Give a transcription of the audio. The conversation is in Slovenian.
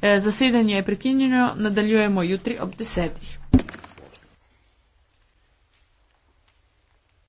Eh, zasedanje je prekinjeno, nadaljujemo jutri ob desetih.